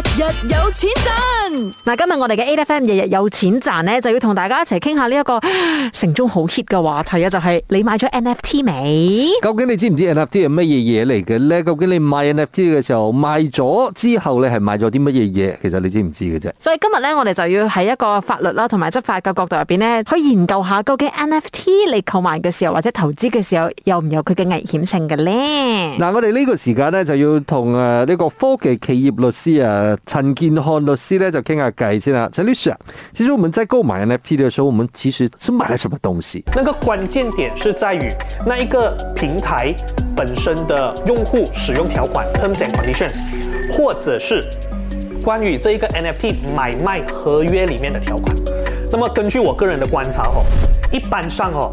日有錢賺嗱，今日我哋嘅 ATFM 日日有錢賺咧，日日賺就要同大家一齊傾下呢一個城中好 hit 嘅話題啊，就係你買咗 NFT 未？究竟你知唔知 NFT 係乜嘢嘢嚟嘅咧？究竟你買 NFT 嘅時候賣咗之後你係買咗啲乜嘢嘢？其實你知唔知嘅啫？所以今日咧，我哋就要喺一個法律啦同埋執法嘅角度入邊咧，去研究下究竟 NFT 你購買嘅時候或者投資嘅時候有有它的的，有唔有佢嘅危險性嘅咧？嗱，我哋呢個時間咧就要同誒呢個科技企業律師啊。陳建漢律師咧就傾下偈先啦，陳律師，其實我們在購買 NFT 的時候，我們其實是買了什麼東西？那個關鍵點是在於那一個平台本身的用戶使用條款 （terms and conditions） 或者是關於這一個 NFT 買賣合約裏面的條款。那麼根據我個人的觀察哦，一般上哦。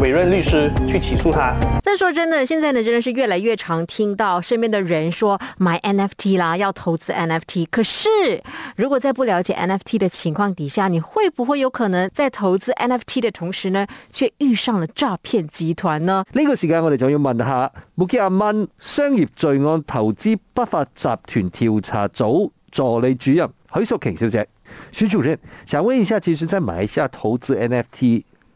委任律師去起訴他。但說真的，現在呢，真的是越來越常聽到身邊的人說買 NFT 啦，要投資 NFT。可是如果在不了解 NFT 的情況底下，你會不會有可能在投資 NFT 的同時呢，卻遇上了詐騙集團呢？呢個時間我哋就要問下穆基阿文商業罪案投資不法集團調查組助理主任許淑晴小姐。許主任，想問一下，其實在買下投資 NFT？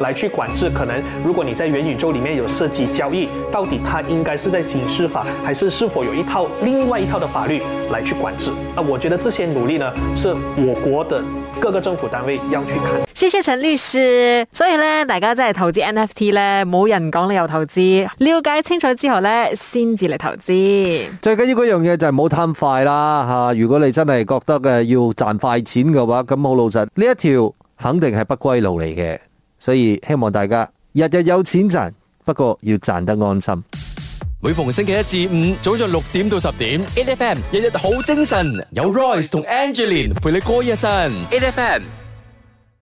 來去管制，可能如果你在元宇宙裏面有涉及交易，到底它應該是在刑事法，還是是否有一套另外一套的法律來去管制？啊，我覺得這些努力呢，是我國的各個政府單位要去看。謝謝陳律師。所以呢，大家真係投資 NFT 呢，冇人講你有投資，了解清楚之後呢，先至嚟投資。最緊要嗰樣嘢就係唔好貪快啦吓。如果你真係覺得嘅要賺快錢嘅話，咁好老實呢一條肯定係不歸路嚟嘅。所以希望大家日日有錢賺，不過要賺得安心。每逢星期一至五早上六點到十點，a FM 日日好精神，有 Royce 同 Angelin 陪你過一生，a FM。